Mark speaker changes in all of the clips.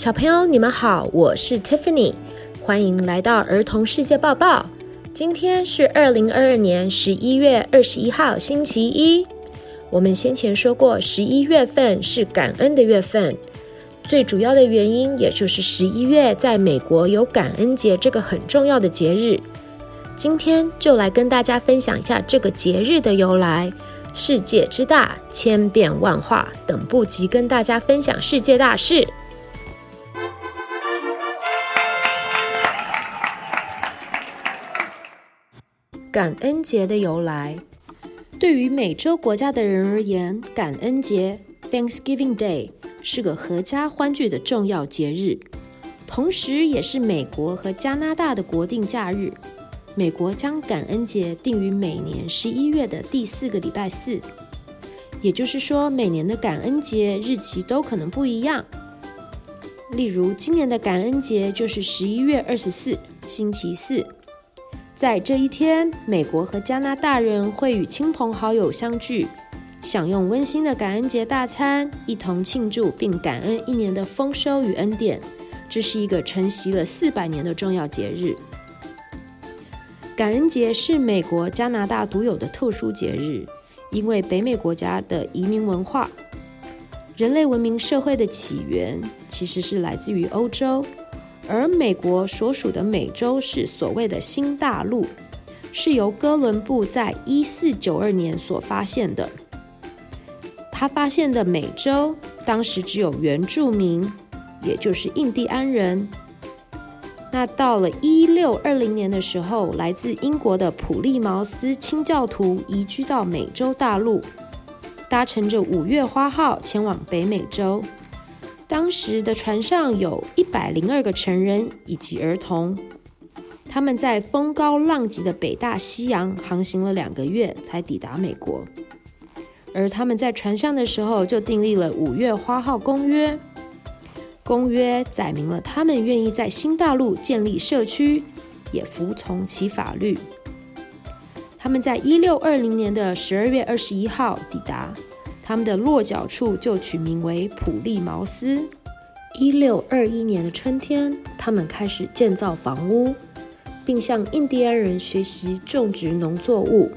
Speaker 1: 小朋友，你們好，我是 Tiffany，歡迎來到兒童世界報報。今天是二零二二年十一月二十一號，星期一。我們先前說過，十一月份是感恩的月份，最主要的原因也就是十一月在美國有感恩節這個很重要的節日。今天就來跟大家分享一下這個節日的由來。世界之大，千變萬化，等不及跟大家分享世界大事。感恩節的由來，對於美洲國家的人而言，感恩節 （Thanksgiving Day） 是個闔家歡聚的重要節日，同時也是美國和加拿大的國定假日。美國將感恩節定於每年十一月的第四個禮拜四，也就是說，每年的感恩節日期都可能不一樣。例如，今年的感恩節就是十一月二十四，星期四。在這一天，美國和加拿大人會與親朋好友相聚，享用溫馨的感恩節大餐，一同慶祝並感恩一年的豐收與恩典。這是一個承襲了四百年的重要節日。感恩節是美國、加拿大獨有的特殊節日，因為北美國家的移民文化。人類文明社會的起源其實是來自於歐洲。而美國所屬的美洲是所謂的新大陸，是由哥倫布在一四九二年所發現的。他發現的美洲當時只有原住民，也就是印第安人。那到了一六二零年的時候，來自英國的普利茅斯清教徒移居到美洲大陸，搭乘着五月花號前往北美洲。當時的船上有一百零二個成人以及兒童，他們在風高浪急的北大西洋航行了兩個月才抵達美國。而他們在船上的時候就訂立了《五月花號公約》，公約載明了他們願意在新大陸建立社區，也服從其法律。他們在一六二零年的十二月二十一號抵達。他們的落腳處就取名為普利茅斯。一六二一年的春天，他們開始建造房屋，並向印第安人學習種植農作物。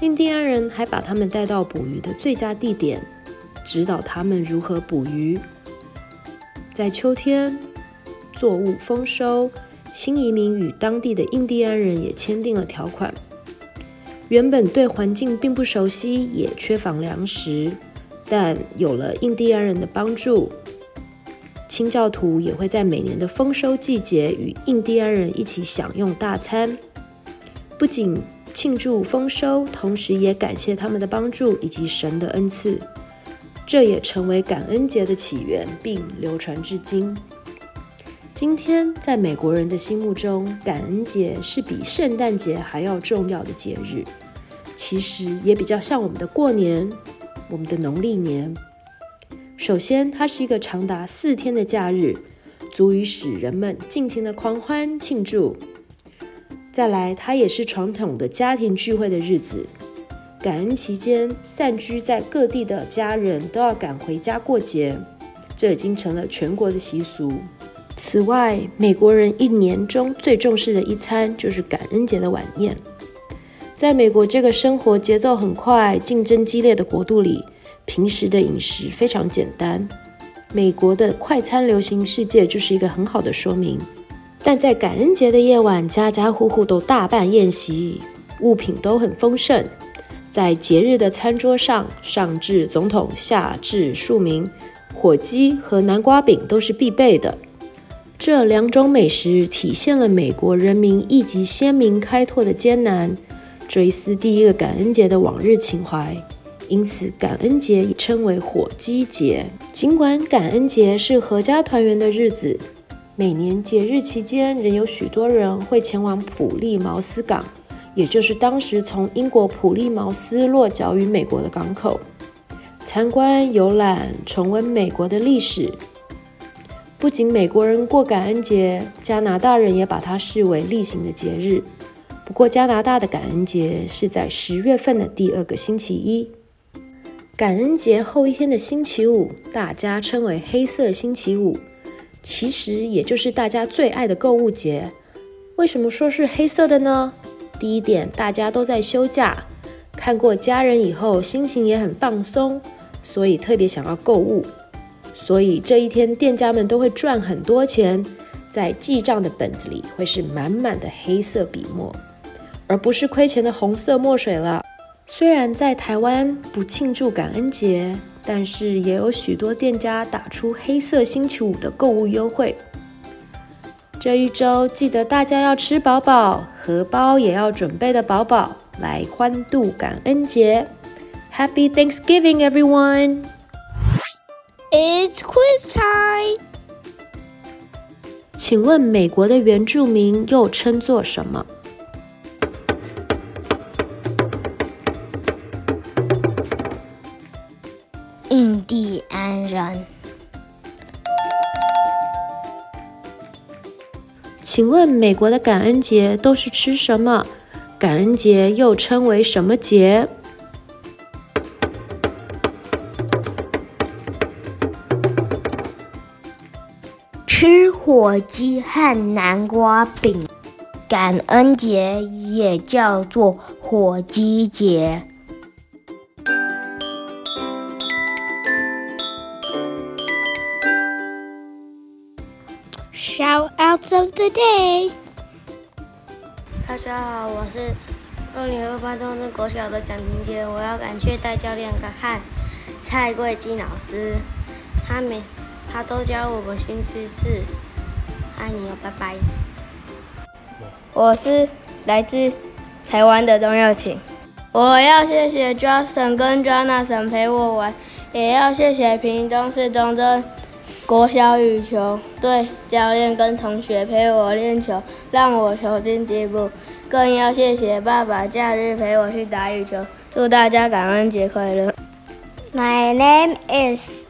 Speaker 1: 印第安人還把他們帶到捕魚的最佳地點，指導他們如何捕魚。在秋天，作物豐收，新移民與當地的印第安人也簽訂了條款。原本對環境並不熟悉，也缺乏糧食，但有了印第安人的幫助，清教徒也會在每年的豐收季節與印第安人一起享用大餐，不僅慶祝豐收，同時也感謝他們的幫助以及神的恩賜。這也成為感恩節的起源，並流傳至今。今天，在美國人的心目中，感恩節是比聖誕節還要重要的節日。其實，也比較像我們的過年，我們的農曆年。首先，它是一個長達四天的假日，足以使人們盡情的狂歡慶祝。再來，它也是傳統的家庭聚會的日子。感恩期間，散居在各地的家人都要趕回家過節，這已經成了全國的習俗。此外，美國人一年中最重視的一餐，就是感恩節的晚宴。在美國這個生活節奏很快、競爭激烈的國度裡，平時的飲食非常簡單。美國的快餐流行世界，就是一個很好的說明。但在感恩節的夜晚，家家戶戶都大辦宴席，物品都很豐盛。在節日的餐桌上，上至總統，下至庶民，火雞和南瓜餅都是必備的。這兩種美食體現了美國人民憶及先民開拓的艱難，追思第一個感恩節的往日情懷，因此感恩節也稱為火雞節。儘管感恩節是闔家團圓的日子，每年節日期間仍有許多人會前往普利茅斯港，也就是當時從英國普利茅斯落腳於美國的港口，參觀遊覽，重溫美國的歷史。不僅美國人過感恩節，加拿大人也把它視為例行的節日。不過，加拿大的感恩節是在十月份的第二個星期一。感恩節後一天的星期五，大家稱為“黑色星期五”，其實也就是大家最愛的購物節。為什麼說是黑色的呢？第一點，大家都在休假，看過家人以後，心情也很放鬆，所以特別想要購物。所以這一天，店家們都會賺很多錢，在記賬的本子裡會是滿滿的黑色筆墨，而不是虧錢的紅色墨水了。雖然在台灣不慶祝感恩節，但是也有許多店家打出黑色星期五的購物優惠。這一周，記得大家要吃飽飽，荷包也要準備的飽飽，來歡度感恩節。Happy Thanksgiving, everyone! It's quiz time。請問美國的原住民又稱作什麼？印第安人。請問美國的感恩節都是吃什麼？感恩節又稱為什麼節？吃火雞和南瓜餅，感恩節也叫做火雞節。Shout outs of the day。大家好，我是二零二八東鎮國小的蔣庭杰，我要感謝代教練和蔡桂金老師，他每。他都教我們星期四愛你哦，拜拜。我是來自台灣的鍾若晴。我要謝謝 Justin 跟 Jonathan 陪我玩,也要謝謝屏東市東正國小羽球隊教練跟同學陪我練球，讓我球技進步。更要謝謝爸爸假日陪我去打羽球。祝大家感恩節快樂。My name is。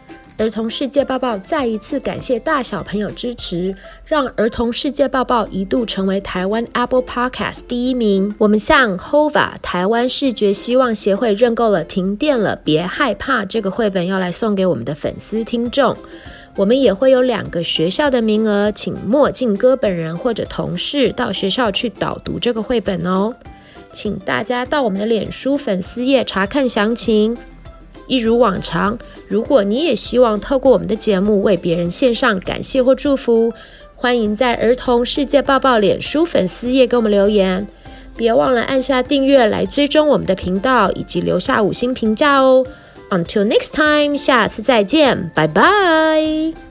Speaker 1: 兒童世界報報，再一次感謝大小朋友支持，讓兒童世界報報一度成為台灣 Apple Podcast 第一名。我們向 HOVA 台灣視覺希望協會認購了《停電了別害怕》這個繪本，要來送給我們的粉絲聽眾。我們也會有兩個學校的名額，請墨鏡哥本人或者同事到學校去導讀這個繪本哦。請大家到我們的臉書粉絲頁查看詳情。一如往常，如果你也希望透過我們的節目為別人獻上感謝或祝福，歡迎在兒童世界抱抱臉書粉絲頁給我們留言。別忘了按下訂閱來追蹤我們的頻道，以及留下五星評價哦。Until next time，下次再見，拜拜。